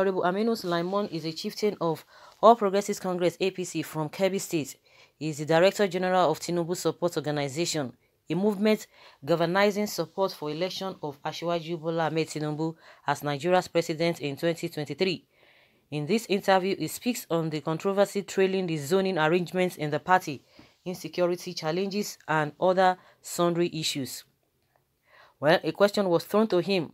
Honorable Aminu Sulaimon is a chieftain of All Progressives Congress APC from Kebbi State. He is the Director General of Tinubu Support Organization, a movement galvanizing support for election of Ashwaju Bola Ahmed Tinubu as Nigeria's president in 2023. In this interview, he speaks on the controversy trailing the zoning arrangements in the party, insecurity challenges, and other sundry issues. Well, a question was thrown to him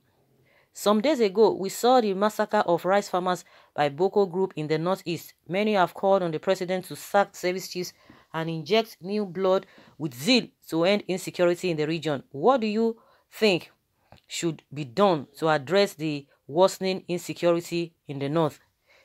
some days ago, we saw the massacre of rice farmers by Boko Group in the northeast. Many have called on the president to sack service chiefs and inject new blood with zeal to end insecurity in the region. What do you think should be done to address the worsening insecurity in the north?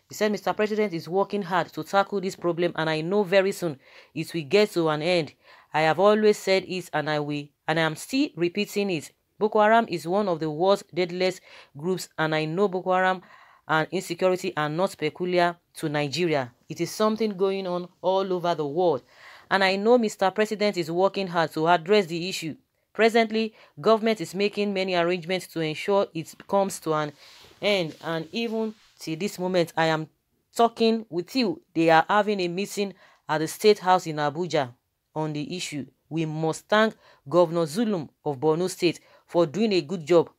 He said, Mr. President is working hard to tackle this problem and I know very soon it will get to an end. I have always said it and I will, and I am still repeating it. Boko Haram is one of the world's deadliest groups and I know Boko Haram and insecurity are not peculiar to Nigeria. It is something going on all over the world. And I know Mr. President is working hard to address the issue. Presently, government is making many arrangements to ensure it comes to an end. And even till this moment, I am talking with you. They are having a meeting at the State House in Abuja on the issue. We must thank Governor Zulum of Borno State for doing a good job.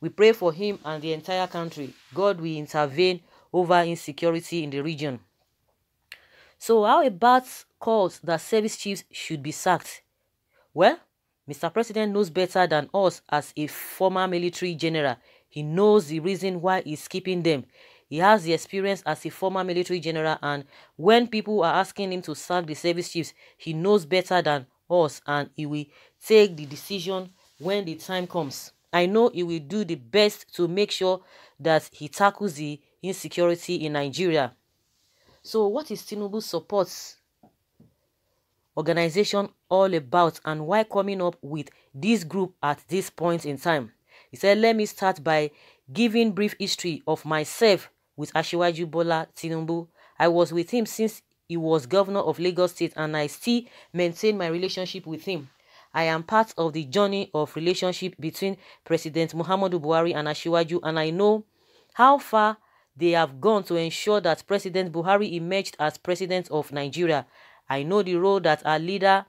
We pray for him and the entire country. God will intervene over insecurity in the region. So how about calls that service chiefs should be sacked? Well, Mr. President knows better than us as a former military general. He knows the reason why he's keeping them. He has the experience as a former military general and when people are asking him to sack the service chiefs, he knows better than us and he will take the decision when the time comes. I know he will do the best to make sure that he tackles the insecurity in Nigeria. So what is Tinubu supports organization all about and why coming up with this group at this point in time? He said, let me start by giving brief history of myself with Ashiwaju Bola Tinubu. I was with him since he was governor of Lagos State and I still maintain my relationship with him. I am part of the journey of relationship between President Muhammadu Buhari and Ashiwaju and I know how far they have gone to ensure that President Buhari emerged as president of Nigeria. I know the role that our leader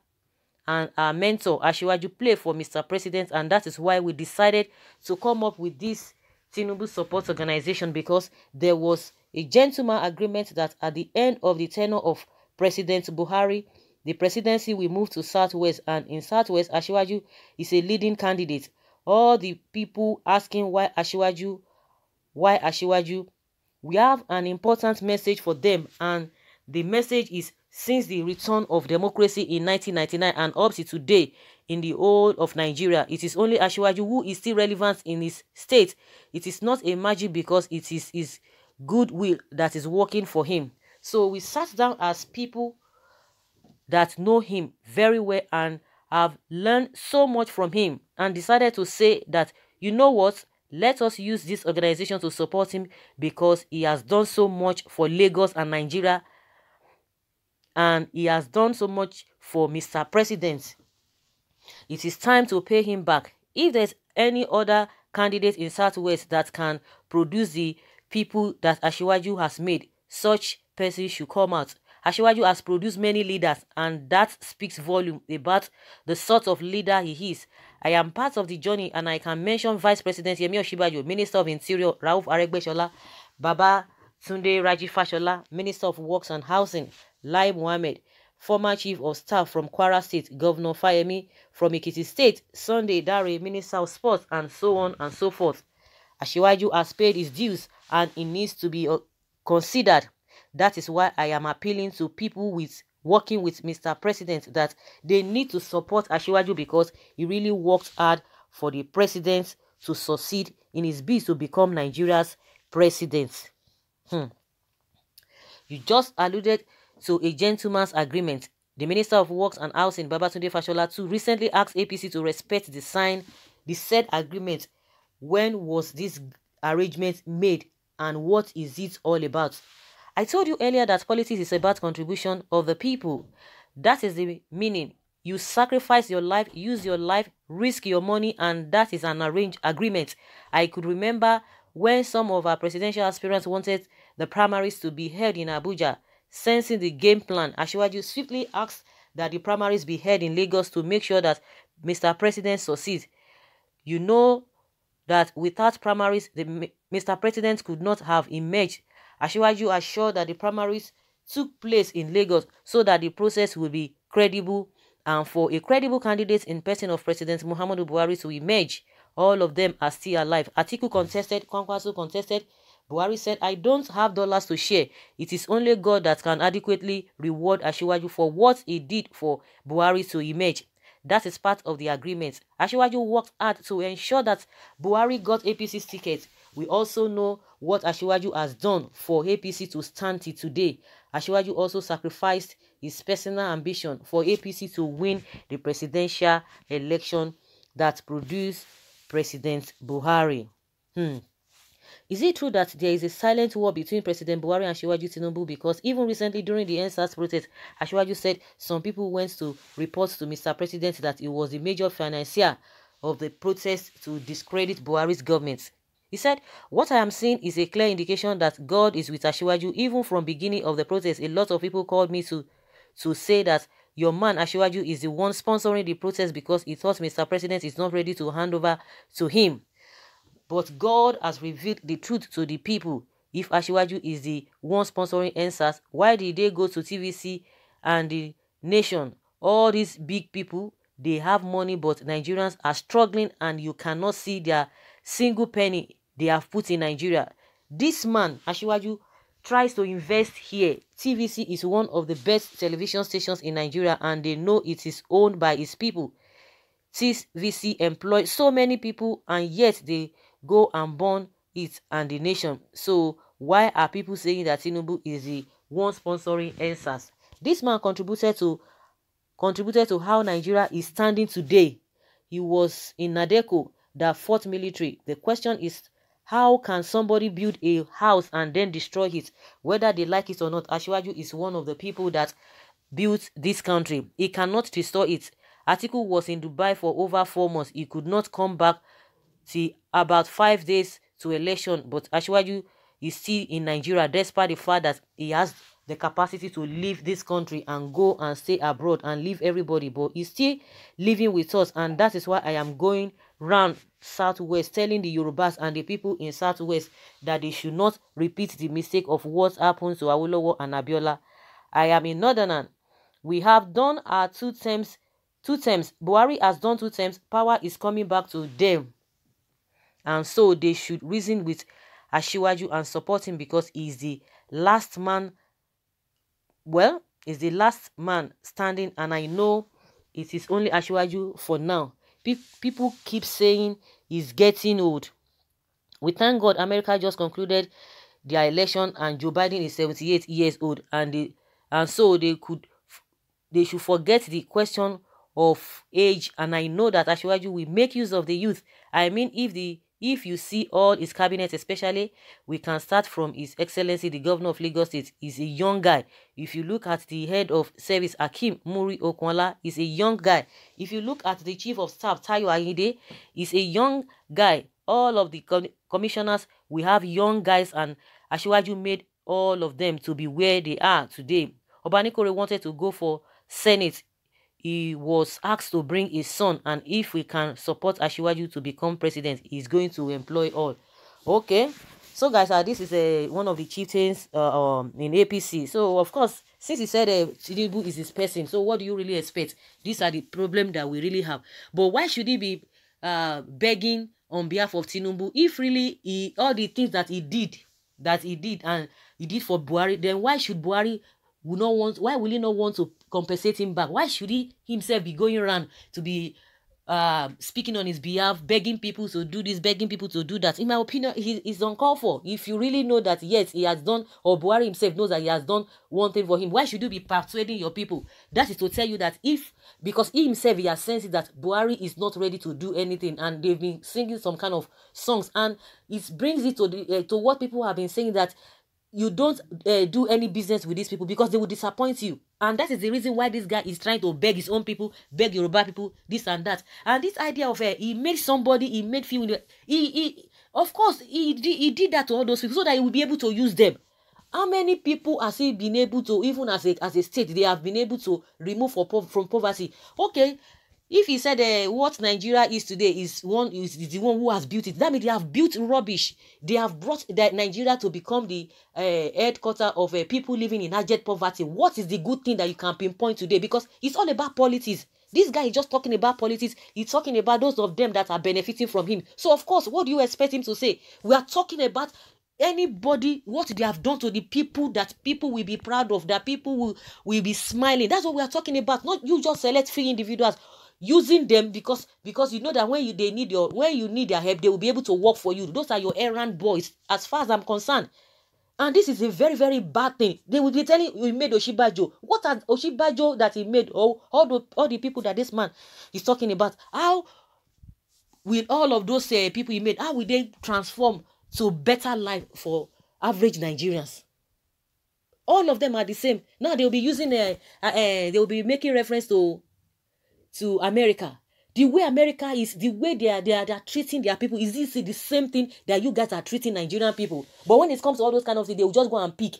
and our mentor Ashiwaju played for Mr. President and that is why we decided to come up with this Tinubu Support Organization because there was a gentleman agreement that at the end of the tenure of President Buhari, the presidency will move to Southwest, and in Southwest, Ashiwaju is a leading candidate. All the people asking why Ashiwaju, why Ashiwaju, we have an important message for them, and the message is since the return of democracy in 1999 and up to today in the whole of Nigeria, it is only Ashiwaju who is still relevant in his state. It is not a magic because it is his goodwill that is working for him. So we sat down as people that know him very well and have learned so much from him and decided to say that, you know what, let us use this organization to support him because he has done so much for Lagos and Nigeria and he has done so much for Mr. President. It is time to pay him back. If there's any other candidate in Southwest that can produce the people that Ashiwaju has made, such person should come out. Ashiwaju has produced many leaders and that speaks volume about the sort of leader he is. I am part of the journey and I can mention Vice President Yemi Oshibajo, Minister of Interior Rauf Aregbeshola, Baba Tunde Raji Fashola, Minister of Works and Housing Lai Mohammed, former Chief of Staff from Kwara State, Governor Fayemi from Ikiti State, Sunday Dare, Minister of Sports, and so on and so forth. Ashiwaju has paid his dues and it needs to be uh, considered that is why I am appealing to people with working with Mr. President that they need to support Ashiwaju because he really worked hard for the president to succeed in his bid to become Nigeria's president. Hmm. You just alluded to a gentleman's agreement. The Minister of Works and Housing, Babatunde Fashola, too, recently asked APC to respect the sign, the said agreement. When was this arrangement made and what is it all about? I told you earlier that politics is about contribution of the people. That is the meaning. You sacrifice your life, use your life, risk your money, and that is an arranged agreement. I could remember when some of our presidential aspirants wanted the primaries to be held in Abuja. Sensing the game plan, Ashwaju swiftly asked that the primaries be held in Lagos to make sure that Mr. President succeeds. You know that without primaries, the, Mr. President could not have emerged Ashiwaju assured that the primaries took place in Lagos so that the process will be credible and for a credible candidate in person of President Muhammadu Buhari to emerge. All of them are still alive. Atiku contested, Kwankwaso contested. Buhari said, I don't have dollars to share. It is only God that can adequately reward Ashiwaju for what he did for Buhari to emerge. That is part of the agreement. Ashiwaju worked hard to ensure that Buhari got APC's ticket. We also know what Ashiwaju has done for APC to stand till today. Ashiwaju also sacrificed his personal ambition for APC to win the presidential election that produced President Buhari. Hmm. Is it true that there is a silent war between President Buhari and Shiwaju Tinubu? Because even recently during the NSAS protest, Ashiwaju said some people went to report to Mr. President that he was the major financier of the protest to discredit Buhari's government. He said, What I am seeing is a clear indication that God is with Ashiwaju. Even from beginning of the protest, a lot of people called me to, to say that your man Ashiwaju is the one sponsoring the protest because he thought Mr. President is not ready to hand over to him. But God has revealed the truth to the people. If Ashiwaju is the one sponsoring NSAS, why did they go to TVC and the nation? All these big people, they have money, but Nigerians are struggling and you cannot see their single penny they have put in Nigeria. This man, Ashiwaju, tries to invest here. TVC is one of the best television stations in Nigeria and they know it is owned by its people. TVC employs so many people and yet they go and burn it and the nation. So why are people saying that Tinubu is the one sponsoring answers? This man contributed to contributed to how Nigeria is standing today. He was in Nadeko the fourth military. The question is how can somebody build a house and then destroy it whether they like it or not Ashwaju is one of the people that built this country he cannot restore it Atiku was in Dubai for over four months he could not come back See about five days to election. But you you see in Nigeria despite the fact that he has the capacity to leave this country and go and stay abroad and leave everybody. But he's still living with us and that is why I am going round southwest telling the yorubas and the people in southwest that they should not repeat the mistake of what happened to awolowo and abiola i am in northern we have done our two terms two terms buhari has done two terms power is coming back to them and so they should reason with Ashiwaju and support him because he is the last man, well, is the last man standing. And I know it is only Ashiwaju for now. Pe people keep saying he's getting old. We thank God America just concluded their election and Joe Biden is 78 years old and they, and so they could they should forget the question of age and I know that Ashiwaju will make use of the youth. I mean if the if you see all his cabinet especially, we can start from His Excellency the Governor of Lagos State. He's a young guy. If you look at the head of service, Akim Muri Okwala, is a young guy. If you look at the Chief of Staff, Tayo Ayinde, is a young guy. All of the com commissioners, we have young guys and Ashiwaju made all of them to be where they are today. Obanikore wanted to go for Senate. he was asked to bring his son and if we can support Ashiwaju to become president, he's going to employ all. Okay. So, guys, uh, this is uh, one of the chieftains uh, um, in APC. So, of course, since he said uh, Tinubu is his person, so what do you really expect? These are the problem that we really have. But why should he be uh, begging on behalf of Tinubu if really he, all the things that he did, that he did and he did for Buhari, then why should Buhari would not want, why will he not want to compensate him back. Why should he himself be going around to be uh, speaking on his behalf, begging people to do this, begging people to do that. In my opinion, he is uncalled for. If you really know that, yes, he has done, or Buhari himself knows that he has done one thing for him, why should you be persuading your people? That is to tell you that if, because he himself, he has sensed that Buhari is not ready to do anything, and they've been singing some kind of songs, and it brings it to the uh, to what people have been saying that you don't uh, do any business with these people because they will disappoint you and that is the reason why this guy is trying to beg his own people beg yoruba people this and that and this idea of uh, he made somebody he made few he he of course he he did that to all those people so that he will be able to use them how many people has he been able to even as a as a state they have been able to remove for, from poverty okay if he said uh, what nigeria is today is one is, is, the one who has built it that means they have built rubbish they have brought that nigeria to become the uh, headquarter of uh, people living in absolute poverty what is the good thing that you can pinpoint today because it's all about politics this guy is just talking about politics he's talking about those of them that are benefiting from him so of course what do you expect him to say we are talking about anybody what they have done to the people that people will be proud of that people will, will be smiling that's what we are talking about not you just select three individuals using them because because you know that when you they need your when you need their help they will be able to work for you those are your errand boys as far as i'm concerned and this is a very very bad thing they will be telling you made oshibajo what are oshibajo that he made all all the all the people that this man is talking about how will all of those uh, people he made how will they transform to better life for average nigerians all of them are the same now they will be using a, eh, eh, they will be making reference to to America, the way America is, the way they are, they are, they are treating their people is this the same thing that you guys are treating Nigerian people. But when it comes to all those kind of things, they will just go and pick.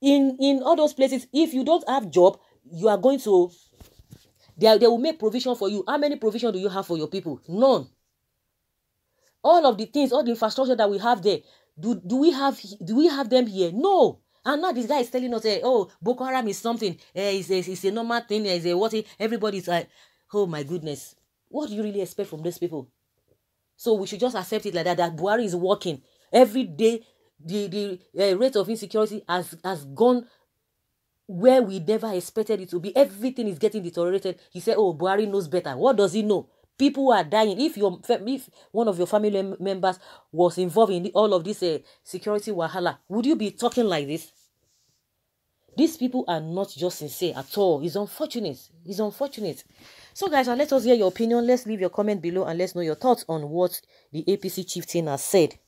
In in all those places, if you don't have job, you are going to they, are, they will make provision for you. How many provision do you have for your people? None. All of the things, all the infrastructure that we have there, do, do we have do we have them here? No. and now this guy is telling us eh, oh boko haram is something eh, it's, a, it's a normal thing eh, it's a what everybody's uh, oh my goodness what do you really expect from those people so we should just accept it like that that buhari is working every day the the uh, rate of insecurity has has gone where we never expected it to be everything is getting deteriorated he said oh buhari knows better what does he know people who are dying if your if one of your family members was involved in all of this uh, security wahala would you be talking like this these people are not just insane at all it's unfortunate it's unfortunate so guys let us hear your opinion let's leave your comment below and let's know your thoughts on what the apc chieftain has said